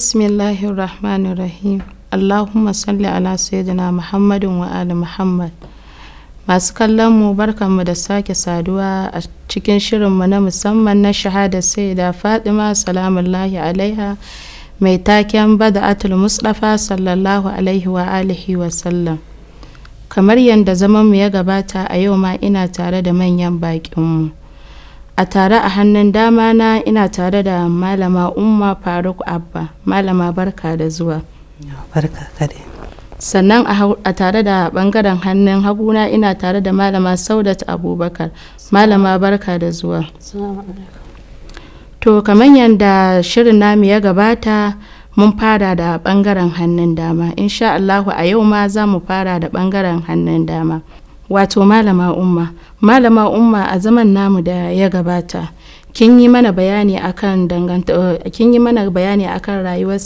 bismillahir rahmanir allahumma salli ala sayyidina muhammadin wa ali muhammad masu kallon mu barkanmu da sake saduwa a cikin shirinmu na musamman na shahada sayyida fatima salamullahi alaiha mai taken bada'atul mustafa sallallahu alaihi wa alihi wa sallam kamar yadda zamanmu ya gabata a yau ma ina tare da manyan baƙinmu a tare a hannun dama na ina tare da malama umma faruk abba malama barka da zuwa sannan a tare da bangaren hannun haguna ina tare da malama saudat abubakar malama barka da zuwa to kamar yadda shirin namu ya gabata mun fara da bangaren hannun dama insha a yau ma za mu fara da bangaren hannun dama wato malama umma malama umma a zaman namu da ya gabata kin yi mana bayani akan danganta eh, kin yi mana bayani rayuwar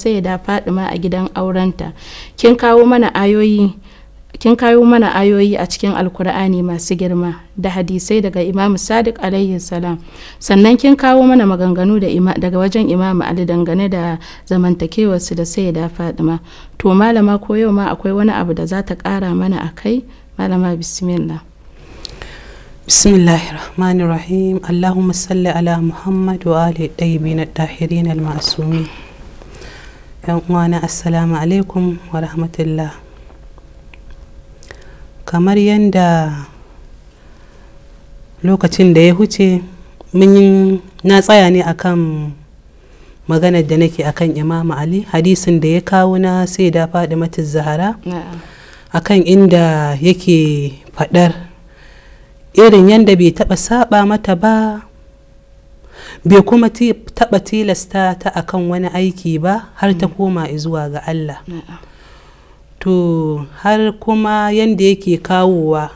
Fadima a gidan aurenta kin kawo mana ayoyi a cikin alkur'ani masu girma da hadisai daga imamu sadiq alayhi salam sannan kin kawo mana maganganu da ima, daga wajen imamu ali dangane da zamantakewarsu da da Fadima to malama ko yau ma akwai wani abu da za ta kara mana a kai malama bismillah bismillahi rahmanir rahim allahumma salli ala muhammad wa ali ɗaibi na ɗahirin al-masumi yan uwana assalamu alaikum wa rahmatullah kamar yadda lokacin da ya huce na tsaya ne akan maganar da nake akan imamu ali hadisin da ya kawo na sai da faɗi matin zahara akan inda yake faɗar irin yadda bai taɓa saba mata ba bai kuma taɓa tilasta ta akan wani aiki ba har ta mm. koma zuwa ga Allah to har kuma yadda yake kawowa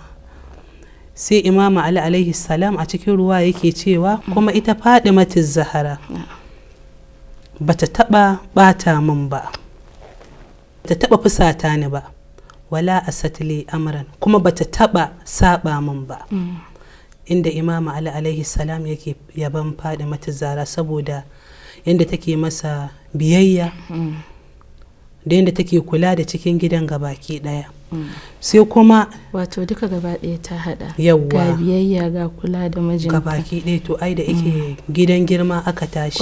sai imama ali alaihi salam a cikin ruwa yake cewa mm. kuma ita faɗi matin zahara ba ta taɓa ɓata min ba ta taɓa fusata ni ba wala asatli amran kuma bata taba saba min ba mm. inda imam ali alaihi salam yake yaban fadi mata zara saboda yadda take masa biyayya mm. da yadda take kula da cikin gidan gabaki daya mm. sai kuma wato duka gaba daya ta hada yawwa ga biyayya ga kula da mijinta gabaki daya to ai da yake gidan girma aka tashi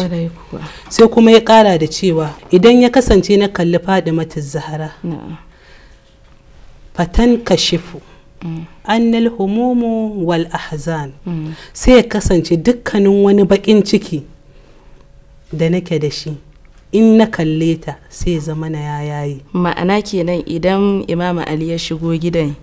sai kuma ya kara da cewa idan ya kasance na kalli fadi mata zahara fatan kashifu. annal humumu wal ahzan sai ya kasance dukkanin wani bakin ciki da nake da shi in na kalle ta sai zama na yayayi ma'ana kenan idan imama ali ya shigo gidan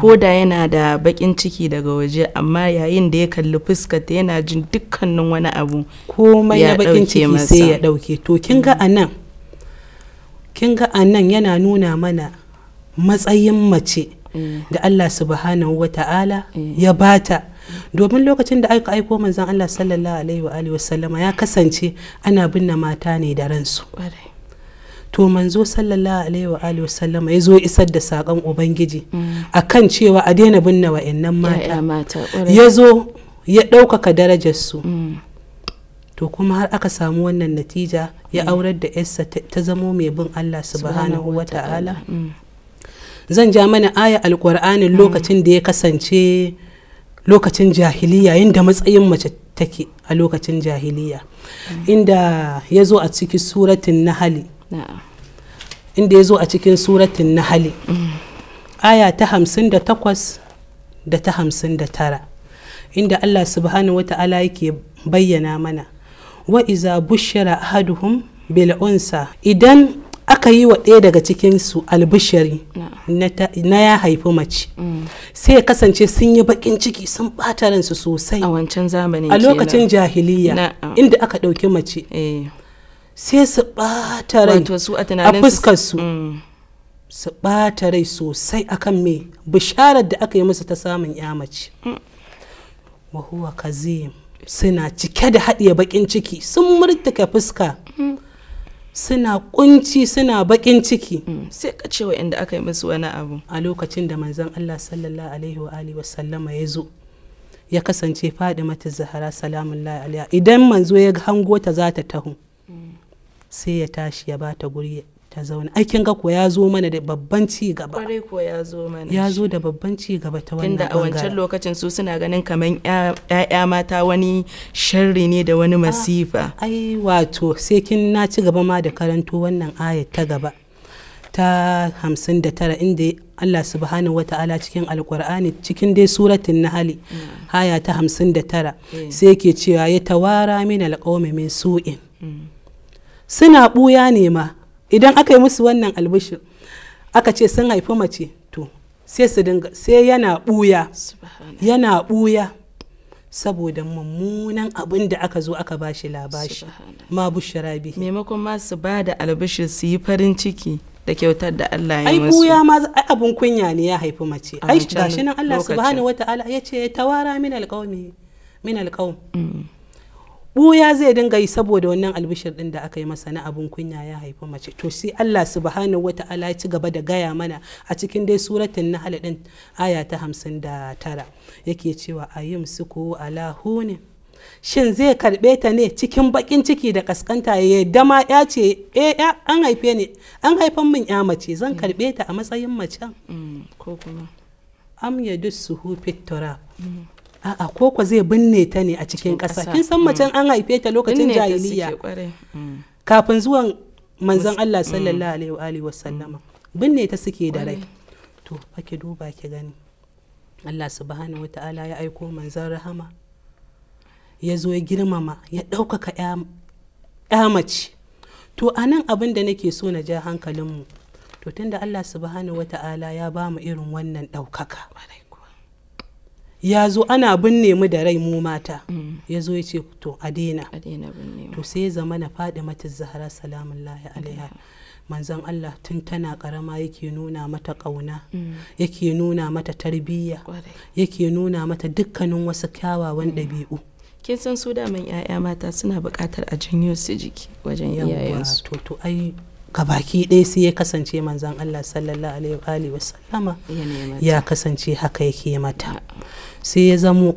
ko mm. da yana da bakin ciki daga waje amma yayin da ya kalli fuskata yana jin dukkanin wani abu komai na bakin ciki sai ya dauke to kin ga anan kin ga anan yana nuna mana matsayin mace mm. da Allah subhanahu wa ta'ala mm. ya bata domin lokacin da aka aiko manzan Allah sallallahu alaihi wa alihi wasallama ya kasance ana binne mata ne da ransu to manzo sallallahu alaihi wa alihi wasallama ya zo isar da sakan ubangiji mm. akan cewa a daina binne innan mata ya zo ya ɗaukaka su to kuma har aka samu wannan natija ya aurar da yarsa ta zamo mai bin Allah subhanahu wa ta'ala zan ja mana aya alkur'anin hmm. lokacin da ya kasance lokacin jahiliya inda matsayin mace take a lokacin jahiliya hmm. inda ya zo a cikin suratin nahali inda ya zo a cikin nahali hmm. aya ta hamsin da takwas da ta hamsin da tara inda allah subhanahu wa ta'ala yake bayyana mana wa iza bushira ahaduhum bil unsa idan aka yi wa ɗaya daga cikinsu albishiri na ya haifi mace mm. sai ya kasance sun yi bakin ciki sun ɓata ransu sosai a lokacin jahiliya inda aka ɗauki mace eh. sai su ɓata rai a fuskarsu mm. su ɓata rai sosai akan mai bisharar da aka yi musu ta samun ya mace mm. wahuwa kazim suna cike da haɗiye bakin ciki sun murtuka fuska suna kunci suna bakin ciki mm. sai ka ce inda aka yi musu wani abu a lokacin da manzon Allah sallallahu alaihi wa alihi wasallama ya zo ya kasance faɗi mata Zahra salamun alaiha idan manzo ya hango ta za ta taho mm. sai ya tashi ya bata guri ta zauna ai kin ga ko ya zo mana da babban ci gaba kware ko ya zo mana ya zo da babban ci gaba ta wannan tunda a wancan lokacin su suna ganin kaman ƴaƴa mata wani sharri ne da wani ah, masifa ai wato sai kin na ci gaba ma da karanto wannan ayat ta gaba ta 59 inda Allah subhanahu wa ta'ala cikin alkur'ani cikin dai suratin nahali haya mm. ta 59 eh. sai ke cewa ya tawara min alqawmi min su'in mm. suna buya ne ma idan aka yi musu wannan albishir aka ce sun haifi mace to sai su dinga sai yana buya yana buya saboda mummunan abin da aka zo aka bashi labashi ma bushara bi maimakon ma su ba da albishir su yi farin ciki da kyautar da Allah ya musu ai buya ma abun kunya ne ya haifi mace ai gashi nan Allah subhanahu wataala ya ce tawara min alqawmi min alqawm mm. buya zai dinga yi saboda wannan albishir din da aka yi masa na abun kunya ya haifi mace to sai Allah subhanahu wata'ala ya ci gaba da gaya mana a cikin dai suratul na din aya ta hamsin da tara yake cewa ayyim suku ala hunin shin zai karbe ta ne cikin bakin ciki da kaskanta ya yadda ma ya ce eh an haife ne an haifan min ya mace zan mm. karbe ta a matsayin mace mm, ko kuma am yadussuhu fit turab mm. a'a koko zai binne ta ne a cikin ƙasa kin san macen mm. an haife ta lokacin jahiliya mm. kafin zuwan manzon Allah mm. sallallahu alaihi wa alihi wasallama binne ta suke da rai to fa duba ki gani Allah subhanahu wata'ala ya aiko manzon rahama ya zo ya girmama ya ɗaukaka ya mace to anan abin da nake so na ja hankalinmu to tunda Allah subhanahu wata'ala ya ba mu irin wannan ɗaukaka ya zo ana binne mu da rai mu mata mm. ya zo ya ce to a daina to sai ya zama na faɗi mata zahara salamun lahi alaiha manzan Allah tun tana karama yake nuna mata ƙauna mm. yake nuna mata tarbiyya yake nuna mata dukkanin wasu kyawawan mm. ɗabi'u kin san su daman 'ya'ya mata suna buƙatar a janyo su jiki wajen iyayensu to to ai Ka baki ɗaya sai ya kasance manzan Allah sallallahu alaihi wa sallama ya kasance haka yake mata sai ya zamo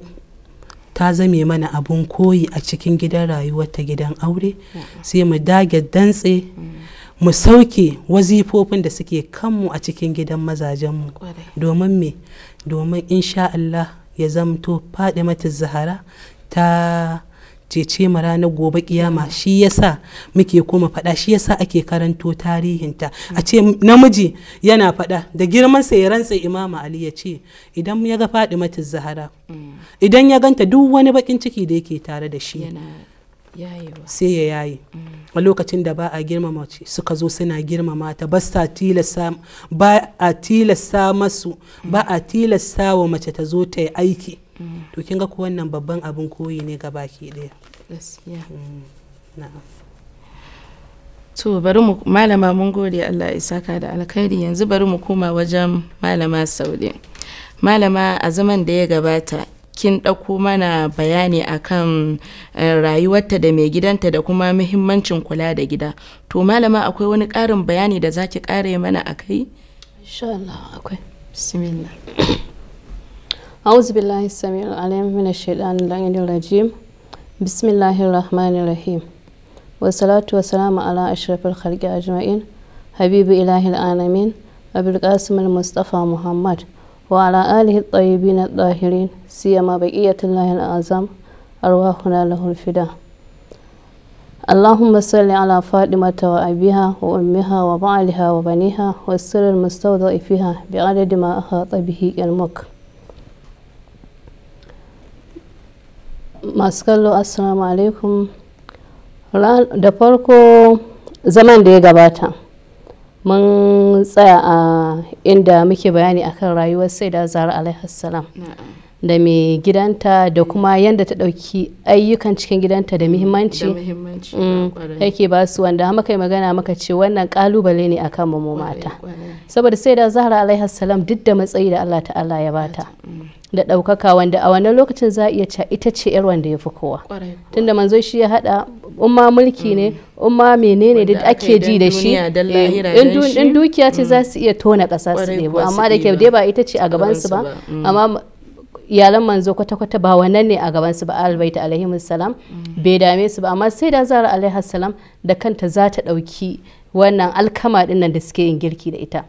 ta zame mana abun koyi a cikin gidan rayuwar ta gidan aure sai mu dage dantse mu sauke wazifofin da suke kanmu a cikin gidan mazajenmu domin me domin insha Allah ya zamto faɗi mata zahara ta cece ma ranar gobe kiyama shi yasa muke koma fada shi yasa ake karanto tarihinta a ce namiji yana fada da girman sa ya rantsa imama ali ya ce idan ya ga fadimatu zahara idan ya ganta duk wani bakin ciki da yake tare da shi sai ya yayi mm. a lokacin da ba a girmama ce suka zo suna girmama ta ba a tilasta masu ba a tilasta wa mace ta zo ta yi aiki mm. to kin ga ko wannan babban abin koyi ne ga baki daya. gaskiya mm, to bari mu malama mun gode Allah ya saka da alkhairi yanzu bari mu koma wajen malama Saude malama a zaman da ya gabata kin ɗauko mana bayani akan eh, rayuwarta da mai gidanta da kuma muhimmancin kula da gida to malama akwai wani ƙarin bayani da zaki ki ƙare mana a kai Allah akwai bismillah أعوذ بالله السميع العليم من الشيطان الرجيم بسم الله الرحمن الرحيم والصلاة والسلام على أشرف الخلق أجمعين حبيب إله العالمين أبي القاسم المصطفى محمد وعلى آله الطيبين الطاهرين سيما بقية الله الأعظم أرواحنا له الفداء اللهم صل على فاطمة وأبيها وأمها وبعلها وبنيها والسر المستوضع فيها بعدد ما أحاط به المكر masu kallo assalamu alaikum da farko zaman da ya gabata mun tsaya a inda muke bayani akan rayuwar sai da zara alaihassalam da mai gidanta da kuma yadda ta ɗauki ayyukan cikin gidanta da mm, muhimmanci mm, yake ba su wanda haka kai magana maka ce wannan kalubale ne akan mu mata saboda sai da zahra alaihassalam duk da matsayi da Allah ta'ala ya bata da ɗaukaka wanda a wannan lokacin za a iya ca ita ce yar wanda ya fi kowa tunda manzo shi ya haɗa umma mulki ne mm. umma menene da ake ji da shi in dukiya ce za mm. su iya tona ƙasa su ne amma da ke dai ba ita ce a gaban su ba mm. amma iyalan manzo kwata-kwata ba wannan ne a gaban su ba albaita alaihi salam bai dame su ba amma sai da zara alaihi salam da kanta za ta ɗauki wannan alkama ɗin da suke yin girki da ita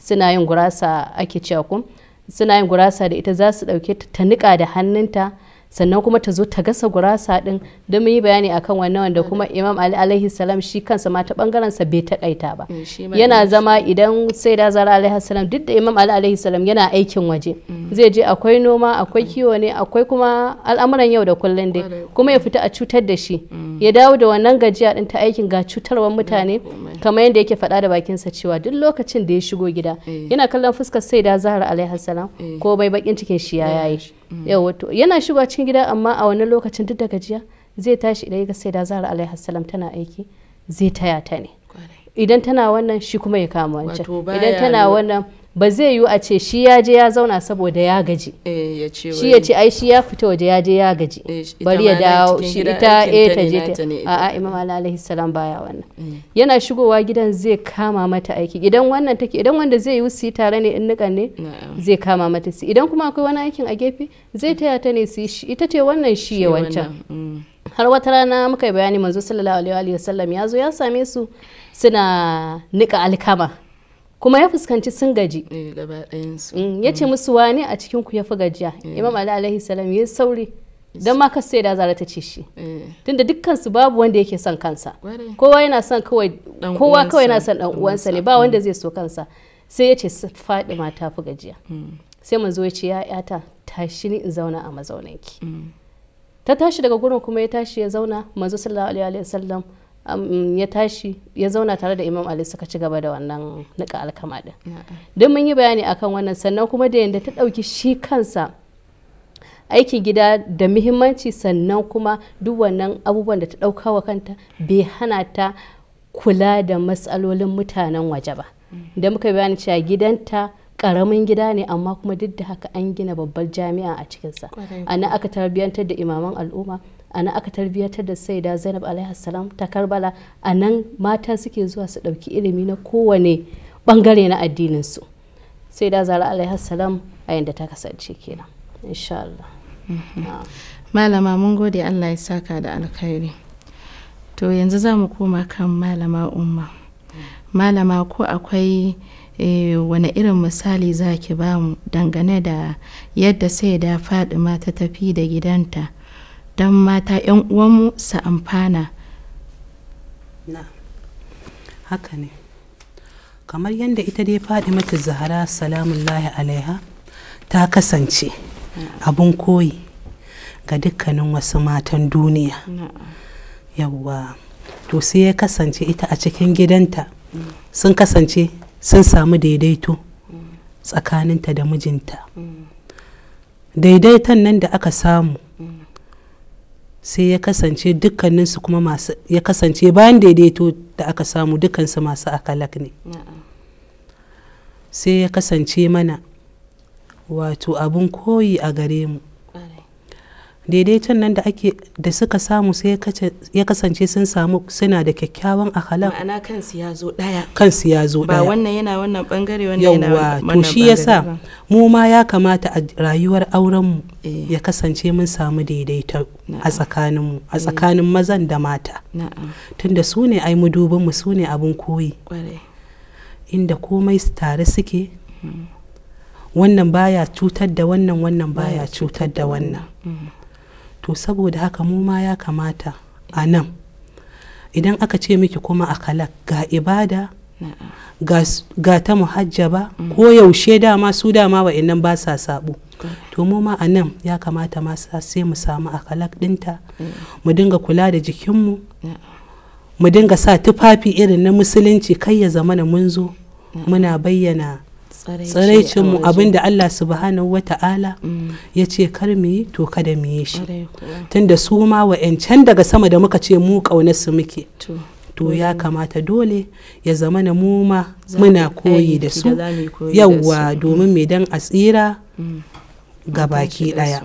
suna yin gurasa ake cewa suna yin gurasa da ita za su ɗauke ta ta da hannunta sannan kuma ta zo ta gasa gurasa din don mu yi bayani akan wannan wanda kuma imam ali alaihi salam shi kansa ma ta bangaren sa bai takaita ba eh, yana zama idan sai da zara alaihi salam duk da imam ali alaihi salam yana aikin waje mm. zai je akwai noma akwai kiwo ne akwai kuma al'amuran yau da kullun dai kuma ya fita a cutar da shi mm. ya dawo da wannan gajiya din ta aikin ga cutarwar mm, mutane kamar yadda yake faɗa da sa cewa duk lokacin da ya shigo gida eh. yana kallon fuskar sai da zara alaihi salam eh. ko bai bakin cikin shi ya yayi Mm. yawa to yana shigowa cikin gida amma a wani lokacin duk da gajiya zai tashi idan ya sai da zara alaihi salam tana aiki zai taya ta ne idan tana wannan shi kuma ya kama wancan idan tana wannan ba zai yiwu a ce shi ya je ya zauna saboda ya gaji eh, shi ya ce ai shi ya fita waje ya je ya gaji eh, bari ya dawo shi ita eh ta je ta a a imam alaihi salam baya wannan mm. yana shigowa gidan zai kama mata aiki idan wannan take idan wanda zai yiwu su tare ne in nikan ne zai kama mata su idan kuma akwai wani aikin a gefe zai taya ta ne su ita ce wannan shi ya wancan mm. har wata rana muka yi bayani manzo sallallahu alaihi wa sallam ya zo ya same su suna nika alkama kuma ya fuskanci sun gaji eh, mm, ya ce mm. musu wani a cikin ku ya fi gajiya eh. imam ali alaihi salam ya sauri don ma kasa da zara ta ce shi eh. tunda dukkan su babu wanda yake son kansa kowa yana kawai kowa yana son dan uwansa ne ba mm. wanda zai so kansa sai ya ce faɗi ma ta fi gajiya sai manzo ya ce ya yata tashi ni in zauna a mazauninki ta tashi daga gurin kuma ya tashi ya zauna manzo sallallahu alaihi wasallam ya tashi ya zauna tare da imam ali suka ci gaba da wannan nika alkama din duk mun yi bayani akan wannan sannan kuma da yadda ta ɗauki shi kansa aikin gida da muhimmanci sannan kuma duk wannan abubuwan da ta ɗauka wa kanta bai hana ta kula da matsalolin mutanen waje ba mm. da muka bayani cewa gidanta karamin gida ne amma kuma duk da haka an gina babbar jami'a a cikinsa a nan aka tarbiyantar da imaman al'umma a nan aka tarbiyyatar da saida zainab salam ta karbala a nan mata suke zuwa su ɗauki ilimi na kowane ɓangare na addininsu saida zara salam a yadda ta kasance kenan insha Allah. Mhm. malama mun gode Allah ya saka da alkhairi to yanzu za mu koma kan malama umma malama ko akwai eh, wani irin misali za ki ba mu dangane da yadda sai da fadima ta tafi da gidanta don mata 'yan uwanmu su amfana na haka ne kamar yadda ita dai mata zahara salamullahi alaiha ta kasance abun koyi ga dukkanin wasu matan duniya yawwa to sai ya kasance ita a cikin gidanta sun kasance sun samu daidaito tsakaninta da mijinta mm. daidaiton nan da aka samu sai ya kasance dukkaninsu kuma masu ya kasance bayan daidaito da aka samu dukkansu masu akalak ne sai ya kasance mana wato abun koyi a gare mu daidaiton nan da ake da suka samu sai ya kasance sun samu suna da kyakkyawan akhlaq ma'ana kansu ya zo daya kansu ya zo daya ba wannan yana wannan bangare wannan yana wannan bangare to shi yasa mu ma ya kamata a rayuwar auren mu eh. ya kasance mun samu daidaito a tsakanin mu a eh. tsakanin mazan da mata tunda su ne ai dubin mu su ne abun koyi inda komai tare suke hmm. wannan baya cutar da wannan wannan baya cutar da wannan hmm. to saboda haka mu ma ya kamata a nan idan aka ce miki kuma a kalak ga ibada ga ta muhajjaba mm. ko yaushe dama su dama wa'annan ba sa sabo to mu ma a nan ya kamata ma sai mu samu a akalak dinta mm. mu dinga kula da jikinmu mu dinga sa tufafi irin na musulunci kai ya zamana mun zo muna bayyana mu abinda Allah subhanahu wa ta'ala mm. ya ce kar mu yi to kada mu yi shi tunda su ma wa'yancan daga sama da muka ce mu su muke to ya mm. kamata dole ya zama na mu ma muna koyi da su yawwa domin mai dan asira mm. ga baki daya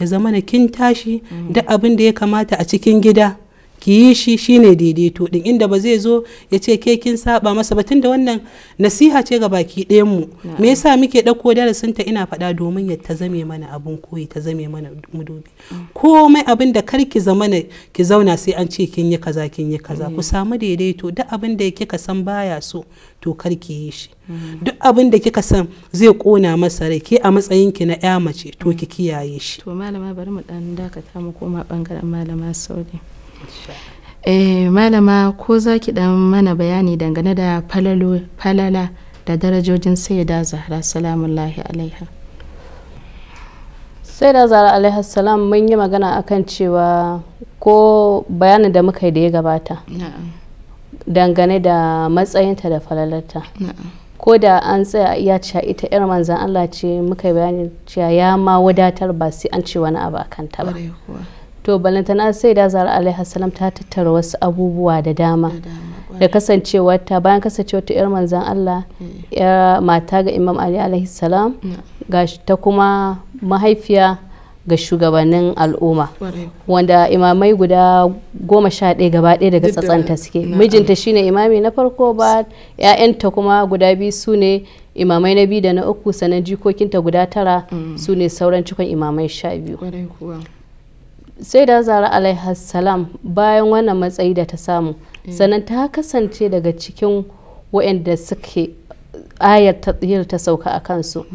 ya zama na kin tashi duk abin da ya kamata a cikin gida ki yi shi shine daidaito din inda ba zai zo ya ce ke kin saba masa ba da wannan nasiha ce ga baki ɗayan mu me yasa muke ɗauko darasin ta ina faɗa domin ya ta zame mana abun koyi ta zame mana mudubi mm. komai abin da kar ki zamana ki zauna sai an ce kin yi kaza kin yi kaza ku mm. samu daidaito duk abin da kika san baya so to kar ki yi shi mm. duk abin da kika san zai kona masa rai ke a matsayin ki na ya mace to ki kiyaye shi to malama bari mu dan dakata mu koma bangaren malama saudi eh malama ko za ki dan mana bayani dangane da falala da darajojin sayyida zahra salamullahi alaiha sai zahra alaiha salam mun yi magana akan cewa ko bayanin da muka yi da ya gabata dangane da matsayinta da falalarta ko da an tsaya iya cewa ita yar manzan Allah ce muka yi bayani cewa ya ma wadatar ba sai an ce wani abu akan ta ba to balantana sai da zara alaihi salam ta tattara wasu abubuwa da dama da kasancewata ta bayan kasancewa ta yar manzan Allah ya eh. mata ga Imam Ali alaihi salam ga ta kuma mahaifiya ga shugabannin al'umma wanda imamai guda goma sha ɗaya gaba ɗaya daga tsatsanta suke mijinta shine imami na farko ba 'ya'yanta kuma guda biyu su ne imamai na biyu da na uku sannan jikokinta guda tara mm. su ne sauran cikon imamai sha biyu sai da zara alaihassalam bayan wannan matsayi da ta samu mm. sannan ta kasance daga cikin waɗanda suke ayar tatsiyar ta sauka a kansu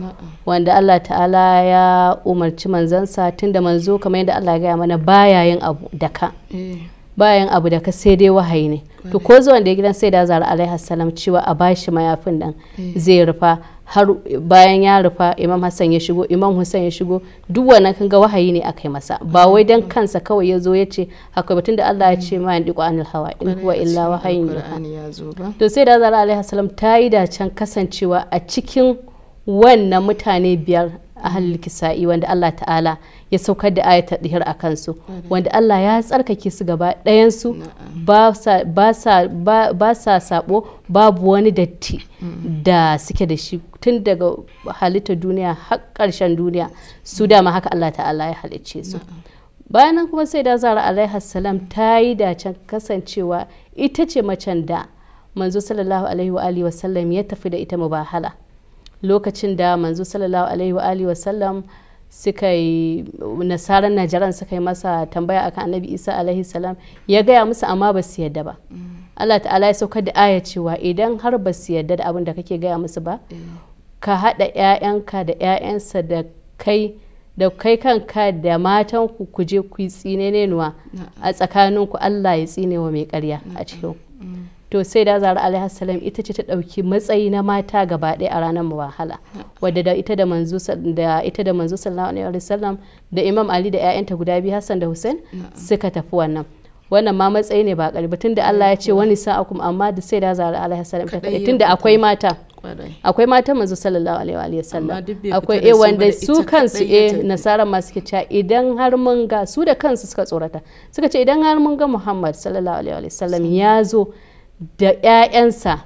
wanda Allah ta'ala ya umarci manzansa tunda manzo kamar yadda Allah gaya mana bayayin yin abu da ka eh. bayan abu da ka sai dai wahayi ne to ko zuwan da gidan sai da zara alaihi cewa a bashi mayafin nan eh. zai rufa har bayan ya rufa imam hassan ya shigo imam hussein ya shigo duk wannan kan ga wahayi ne a kai masa ba wai dan kansa kawai ya zo ya ce akwai batun da Allah ya ce ma yan diqo anil hawa in huwa illa wahayin ya to sai da zara alaihi salam ta yi da can kasancewa a cikin wannan mutane biyar ahalin kisa'i wanda Allah ta'ala ya saukar da ayata dihir a kansu wanda Allah ya tsarkake su gaba ɗayan ba sa sabo babu wani datti da suke da shi tun daga halittar duniya har ƙarshen duniya su dama haka Allah ta'ala ya halicce su bayan nan kuma sai da zara alaihi salam ta yi can kasancewa ita ce macen da manzo sallallahu alaihi wa alihi sallam ya tafi da ita mubahala lokacin da manzo sallallahu alaihi wa alihi wasallam suka yi nasarar najaran suka yi masa tambaya akan annabi isa alaihi salam ya gaya musu amma ba su yadda ba allah ta'ala ya saukar da aya cewa idan har ba su yadda da abin da kake gaya musu ba ka haɗa 'ya'yanka da 'ya'yansa da kai da kai kanka da matan ku ku je ku yi tsinenenuwa a tsakaninku Allah ya tsinewa mai karya a cikin to sai da zara alaihi ita ce ta ɗauki matsayi na mata gaba ɗaya a ranar mu wahala wadda da ita da manzo da ita da manzo sallallahu alaihi wasallam da imam ali da ƴaƴanta guda biyu hassan da hussein suka tafi wannan wannan ma matsayi ne ba ƙarfi tunda Allah ya ce wani sa'akum amma da sai da zara alaihi salam ta kaɗai tunda akwai mata akwai matan manzo sallallahu alaihi wa sallam akwai eh wanda su kansu eh nasara ma suke cewa idan har mun ga su da kansu suka tsorata suka ce idan har mun ga Muhammad sallallahu alaihi wa sallam ya zo da 'ya'yansa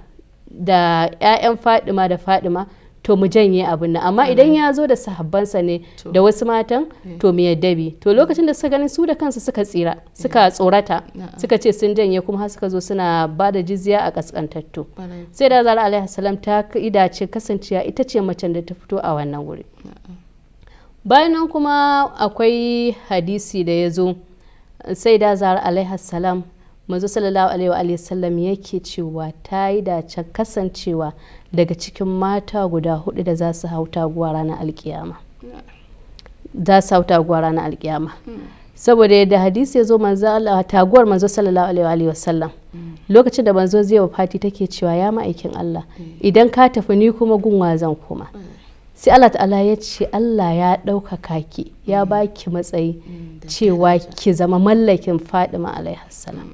da 'ya'yan fadima da fadima to mu janye abin nan amma idan ya zo da sahabbansa ne da wasu matan eh. to mu yadda bi to eh. lokacin da suka ganin su da kansu suka tsira suka eh. tsorata suka ce sun janye kuma har suka zo suna ba da jizya a kaskantattu sai da zara alaihi salam ta idace kasancewa ita ce macen da ta fito a wannan wuri bayan nan kuma akwai hadisi da ya zo sai da zara alaihi salam manzo sallallahu alaihi wa sallam yake cewa ta yi dace kasancewa daga cikin mata guda hudu da za su hau taguwa ranar alkiyama za su hauta guwa ranar alkiyama saboda yadda hadisi ya zo manzo Allah taguwar manzo sallallahu alaihi wa sallam lokacin da manzo zai wa fati take cewa ya ma'aikin Allah idan ka tafi ni kuma gunwa zan koma sai Allah ta'ala ya ce Allah ya ɗaukaka ki ya baki matsayi mm. cewa ki zama mallakin Fadima alaihi salam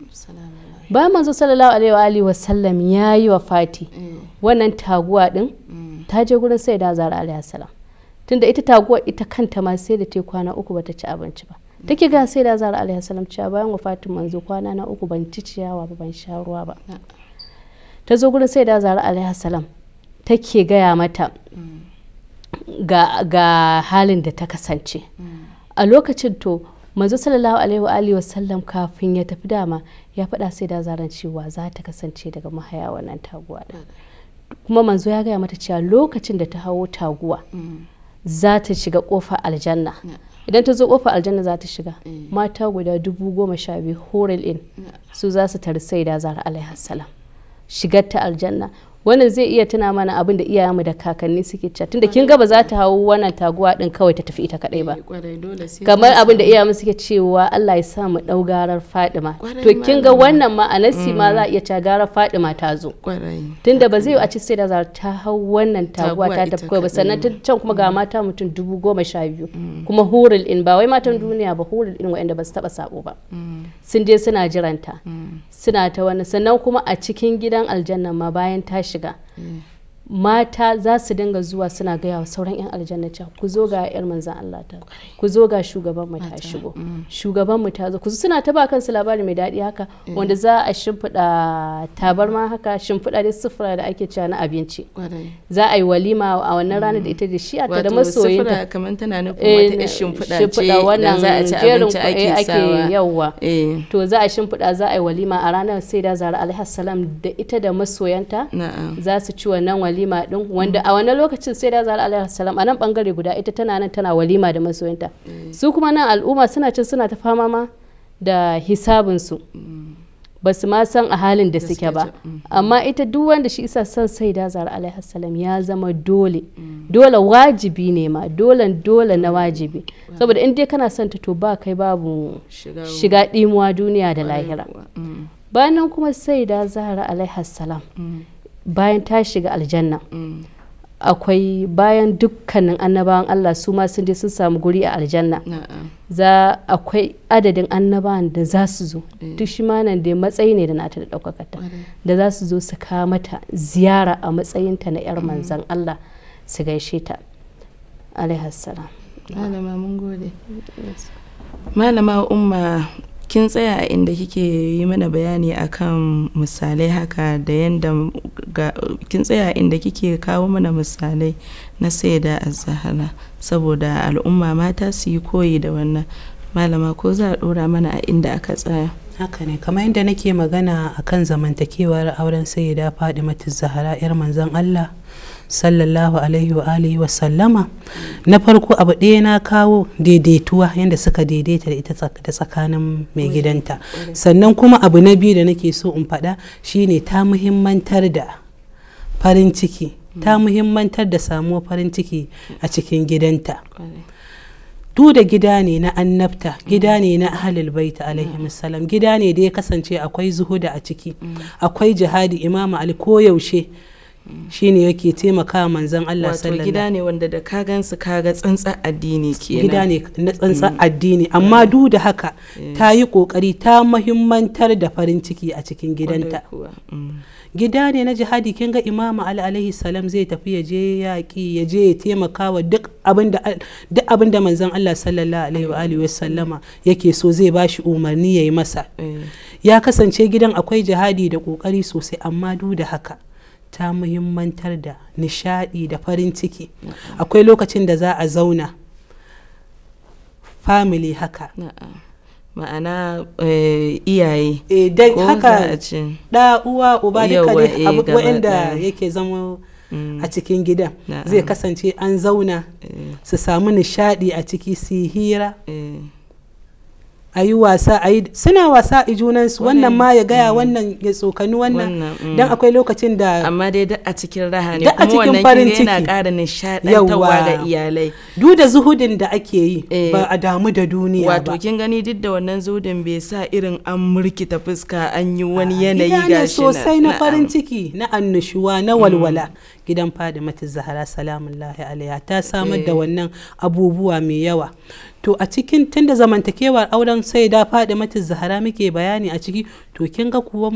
ba manzo sallallahu alaihi wa alihi wa ya yi wa fati mm. wannan taguwa din mm. ta je gurin sai da zara alaihi salam tunda ita taguwa ita kanta ma sai da ta kwana uku bata ci abinci ba mm. take ga sai da zara alaihi salam cewa bayan wafatin manzo kwana na uku ban ci ciyawa ba ban sha ruwa ba ah. ta zo gurin sai da zara alaihi salam take gaya mata ga, ga halin da ta kasance a lokacin to manzo sallallahu alaihi wa sallam kafin ya tafi dama ya faɗa sai da zaran cewa za ta kasance daga mahaya wannan taguwa din kuma manzo ya gaya mata cewa lokacin da ta hawo taguwa za ta shiga kofar aljanna idan ta zo kofar aljanna za ta shiga mata guda dubu goma sha biyu horil in su za su tari sai da zara alaihi salam shigar ta aljanna wannan zai iya tuna mana abin da iyayenmu da kakanni suke cewa tunda kin ga ba za ta hawo wannan taguwa din kawai ta tafi ita kadai ba eh, kamar abin da iyayenmu suke cewa Allah ya sa mu dau garar Fadima to kin ga wannan ma anasi ma mm. za iya ca garar Fadima ta zo tunda ba zai a ci sai da za ta hawo wannan taguwa ta tafi kawai ba sannan ta can kuma ga mm. mata mutum dubu goma sha biyu mm. kuma hurul in ba wai matan duniya ba hurul in waɗanda ba su taba sabo ba sun je suna jiranta suna ta wani sannan kuma a cikin gidan aljanna ma bayan tashi 这个嗯 mata za su dinga zuwa suna gaya wa sauran 'yan aljanna cewa ku zo ga 'yar manzan Allah ta ku zo ga shugaban mu ta shigo mm. shugaban mu ta zo ku suna ta ba kansu labari mai daɗi haka eh. wanda za a shimfiɗa ma haka shimfiɗa da sufura da ake cewa na abinci za a yi walima a wannan rana da mm. ita da shi a ta da masoyinta kamar tana nufin eh, wata shimfiɗa ce wannan za a ci abinci ake sawa yawa eh. to za a shimfiɗa za a yi walima a ranar sai da zara alaihi salam da ita da masoyanta za su ci wannan walima walima din wanda a wani lokacin sai da zara alaihi salam a nan bangare guda ita tana nan tana walima da masoyinta mm. su kuma nan al'umma suna cin suna ta fama ma da hisabin su mm. ba su ma san a halin da suke ba mm. amma ita duk wanda shi isa san sai da zara alaihi salam ya zama dole dole wajibi ne ma dole dole na wajibi saboda in dai kana son ta to ba kai babu shiga dimuwa duniya da lahira bayan kuma sai da zahra alaihi salam mm. bayan ta shiga aljanna akwai bayan dukkanin annabawan Allah su ma sun je sun samu guri a aljanna za akwai adadin annabawan da za su zo eh. duk shi ma nan da matsayi ne da nata da ɗaukakata da za su zo su kawo mata ziyara a matsayinta na 'yar mm. manzan Allah su gaishe ta alaihassalam malama mun gode malama umma kin tsaya a inda kike yi mana bayani akan misalai haka da yadda kin tsaya a inda kike kawo mana misalai na saida azahala saboda al'umma mata su yi koyi da wannan malama ko za a dora mana a inda aka tsaya haka ne kamar yadda nake magana akan zamantakewar auren saida matu zahara yar manzon allah sallallahu alaihi wa alihi wa sallama na farko abu ɗaya na kawo daidaituwa yadda suka daidaita da ita da tsakanin mai gidanta sannan kuma abu na biyu da nake so in faɗa shine ta muhimmantar da farin ciki ta hmm. muhimmantar da samuwar farin ciki a cikin gidanta du da gida ne na annabta gida ne na ahalil baita alaihi hmm. salam gida ne da ya kasance akwai zuhuda a ciki hmm. akwai jihadi imama ali koyaushe shine yake taimaka manzan Allah sallallahu gida ne wanda da ka gansu ka ga tsantsar addini kenan gida ne na tsantsar mm. addini amma duk da haka ta yi kokari ta muhimmantar da farin ciki a cikin gidanta mm. gida ne na jihadi kin ga imamu ali alaihi salam zai tafi ya je yaƙi ya je ya taimaka wa duk abinda abinda manzon Allah sallallahu alaihi wa alihi wasallama yake so zai bashi umarni yayi masa ya kasance gidan akwai jihadi da kokari sosai amma duk da haka ta muhimmantar da nishadi da farin ciki akwai lokacin da za a zauna family haka ma'ana eh, iyaye eh, dan haka da uwa uba duka dai eh, wanda yake zama mm. a cikin gida zai kasance an zauna su samu nishadi a ciki su hira a yi wasa a yi suna wasa a junansu wannan ma ya gaya mm. wannan ya tsokani wannan don mm. akwai lokacin da amma dai da a cikin raha ne kuma wannan farin ciki yana ƙara nishaɗantarwa ga iyalai duk da zuhudin da ake yi eh. ba a damu da duniya ba wato kin gani duk da wannan zuhudin bai sa irin an murkita fuska an yi wani yanayi gashi na sosai na farin ciki na annushuwa na walwala mm. gidan fadi mata zahara salamun alaiha ta samar da eh. wannan abubuwa mai yawa to a cikin tunda zamantakewar auren sai da faɗi mata zahara muke bayani a ciki to kin ga kuwa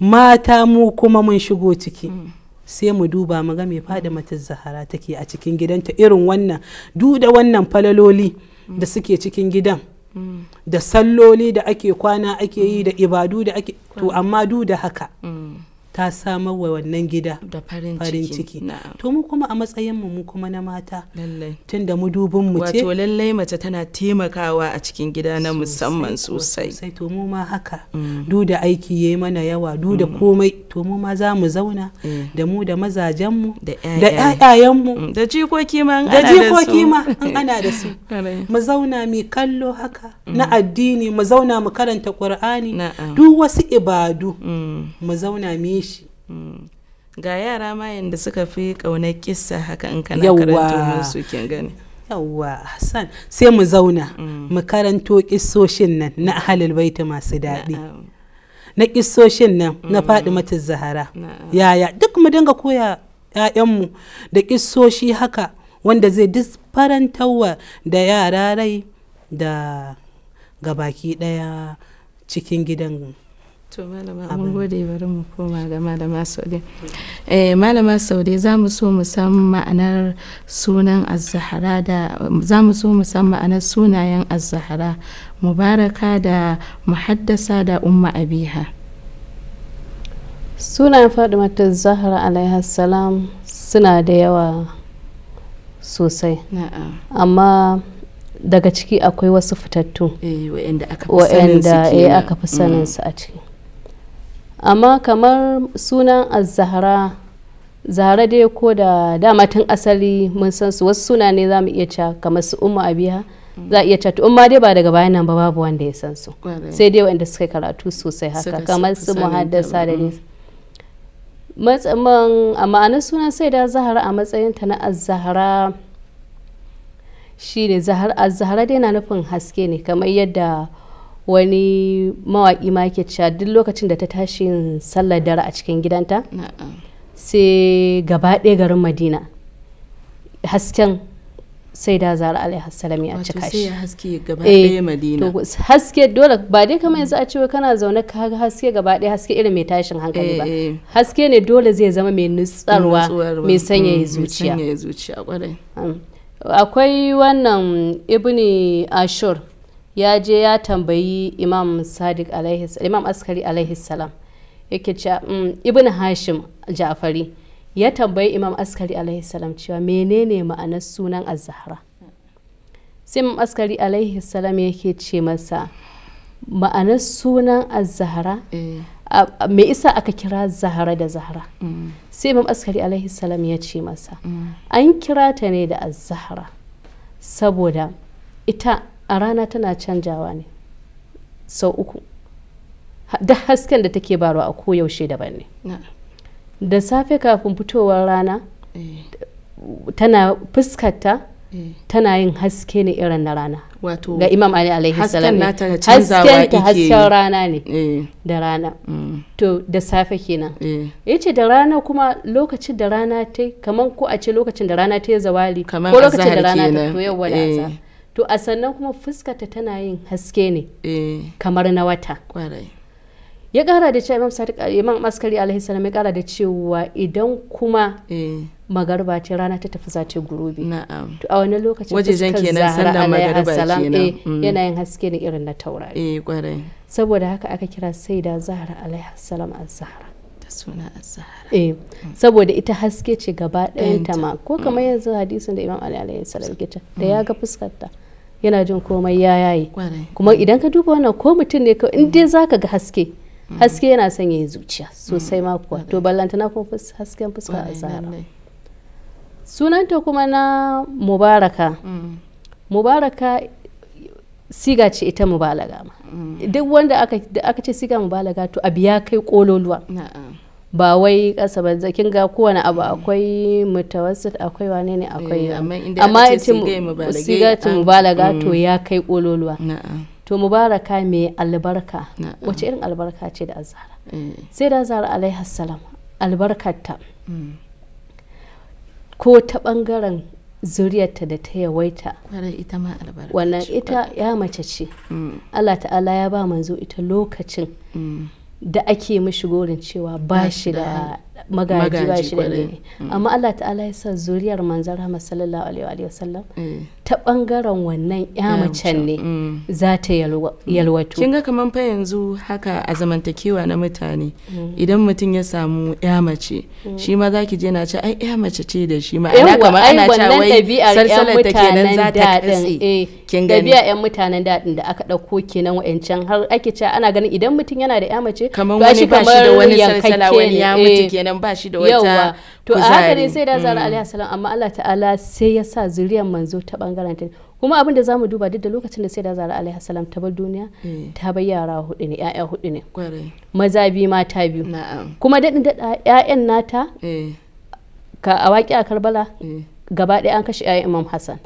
mata mu kuma mun shigo ciki mm. sai mu duba mu ga mai faɗi mata zahara take a cikin gidanta irin wannan duda wannan falaloli mm. da suke cikin gidan mm. da salloli da ake kwana ake yi da ibadu da ake to amma duda haka ta samar wa wannan gida da farin ciki to mu kuma a matsayin mu kuma na mata tun da mu dubin mu ce wato lallai mace tana taimakawa a cikin gida na musamman sosai sai to mu ma haka mm. du da aiki yayi mana yawa du da mm. komai to mu ma za mu zauna eh. da mu da mazajen mu da ƴaƴayen mu mm. da jikoki ma da jikoki ma an ana da su mu zauna mi kallo haka na addini mu zauna mu karanta qur'ani duk wasu ibadu mu zauna mi Hmm. ga yara ma yadda suka fi ƙaunar kissa haka in kana karanto kin gani yawwa hassan sai mu zauna hmm. mu karanto kissoshin nan na ahalul baiti masu daɗi na kissoshin nan na hmm. faɗi matin zahara yaya duk mu dinga koya ‘ya'yanmu da kissoshi haka wanda zai farantawa da yara rai da gabaki ɗaya cikin gidan to malama mun gode bari mu koma ga malama saude eh malama saude za mu so mu san ma'anar sunan az-zahra da za mu so mu san ma'anar sunayen az-zahra mubaraka da muhaddasa da umma abiha sunayen fadimata zahra alaiha salam suna da yawa sosai amma daga ciki akwai wasu fitattu eh, wa'anda aka fi saninsu eh, mm. a ciki amma kamar sunan azahara zahara dai ko da dama tun asali mun san su wasu suna ne za mu iya ca kamar su umma abiya za a iya ca umma dai ba daga bayan nan ba babu wanda ya san su sai dai wanda suka karatu sosai haka kamar su muhaddasa da ne mm. matsaman a ma'anar sunan sai da zahara a matsayin ta na azahara shi ne azahara dai na nufin haske ne kamar yadda wani mawaƙi ma yake cewa duk lokacin da ta tashi sallar dare a cikin gidanta sai gaba ɗaya garin madina hasken sai da zara alaihi salam ya cika shi haske gaba eh, ɗaya madina haske dole ba dai kamar yanzu a ce kana zaune ka ga haske gaba ɗaya haske irin mai tashin hankali ba eh, eh. haske ne dole zai zama mai nutsarwa mai sanyaya mm, zuciya akwai wannan ibni ashur ya je ya tambayi imam sadiq imam askari alaihi salam yake ce mm, ibn hashim ja'fari ya tambayi imam askari alaihi salam cewa menene ma'anar sunan azahara zahra sai imam askari alaihi salam yake ce masa ma'anar sunan azahara zahra eh. me isa aka kira zahara da zahara mm. sai imam askari alaihi salam ya ce masa mm. an kira ta ne da azahara zahra saboda ita a rana tana canjawa ne sau uku duk hasken da take barwa a koyaushe daban ne da safe kafin fitowar rana eh. tana fuskata eh. tana yin haske ne irin na rana ga imam ali alaihi salam hasken ta hasken rana ne eh. da rana mm. to da safe kenan yace da rana kuma lokacin da rana ta kaman ko a ce lokacin da rana ta yi zawali ko lokacin da rana ta to yau wani to a sannan kuma fuskarta tana yin haske ne eh. kamar na wata ya kara da cewa imam askari alaihi salam ya kara da cewa idan kuma eh. magarba ce rana ta tafi zace gurubi to a wani lokacin zan kenan sallar magarba eh, kenan yana yin mm. haske ne irin na taurari saboda haka aka kira saida zahra alaihi salam az-zahra da suna az-zahra eh mm. saboda ita haske ce gaba ɗayan ta ma ko mm. kamar yanzu hadisin da imam alaihi salam ke da ya ga fuskar ta yana jin komai ya yaye kuma idan ka duba wannan ko mutum ne kawai in dai zaka ga haske mm. haske yana sanya zuciya mm. sosai ma kuwa to ballantana kuma hasken fuska a zahara sunanta kuma na mubaraka mm. mubaraka siga ce ita mubalaga ma duk wanda aka ce siga mubalaga to a ya kai kololuwa ba wai kasa ba zakin ga kowane abu akwai mutawassit akwai wane ne akwai eh, amma ita mu mubalaga mm. to ya kai kololuwa to mubaraka mai albarka wace irin albarka ce da azara eh. sai da azara alaihi salam albarkarta mm. ko ta bangaren zuriyarta da ta yawaita wannan ita ya mace ce mm. Allah ta'ala ya ba manzo ita lokacin da ake mishi gorin cewa ba shi da magaji ba shi da mm. amma Allah ta'ala ya sa zuriyar manzara sallallahu alaihi wa sallam eh. ta bangaren wannan ya macen ne mm. za ta mm. yalwato kin ga kaman fa yanzu haka a zamantakewa na mutane mm. idan mutum ya samu ya mace shi ma ki je na ce ai ya mace ce da shi ma ana kamar ana ci wai sarsalar ta kenan za ta katse eh, kin gani dabi'a yan mutanen dadin da aka dauko kenan wayancan har ake ci ana ganin idan mutum yana da ya mace kamar wani ba shi da wani sarsala wani ya mutu eh. kenan ba shi da wata to a haka ne sai da zara alaihi salam amma Allah ta'ala sai ya sa zuriyar manzo ta bangaren bangaren ta kuma abin da zamu duba duk da lokacin da sai da zara alaihi salam ta bar duniya eh. ta bar yara hudu ne yaya hudu ne maza biyu mata biyu kuma daɗin daɗa yayan nata eh. ka a waki a karbala eh. gaba ɗaya an kashe yayan imam hassan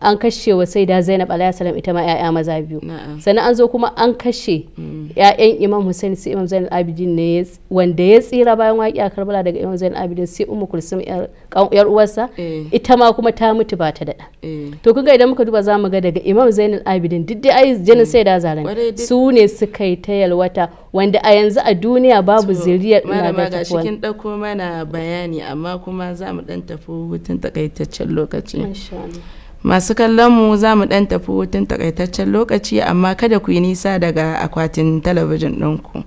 an kashe wa sai da zainab alayhi salam ita ma ya'ya maza biyu sannan an zo kuma an kashe mm. ya'yan imam hussein sai imam zainal abidin ne wanda ya tsira bayan waƙi a karbala daga imam zainal abidin sai ummu kulsum yar uwarsa eh. ita ma kuma ta mutu ba ta daɗa eh. to kun ga idan muka duba za mu ga daga imam zainal abidin duk dai ai jinin mm. sai da zaran su ne suka yi ta yalwata wanda a yanzu a duniya babu zuriyar ina da ta kuwa cikin ɗauko mana bayani amma kuma za mu ɗan tafi hutun takaitaccen lokaci masu kallon mu za mu ɗan tafi hutun takaitaccen lokaci amma kada ku yi nisa daga akwatin talabijin ɗinku.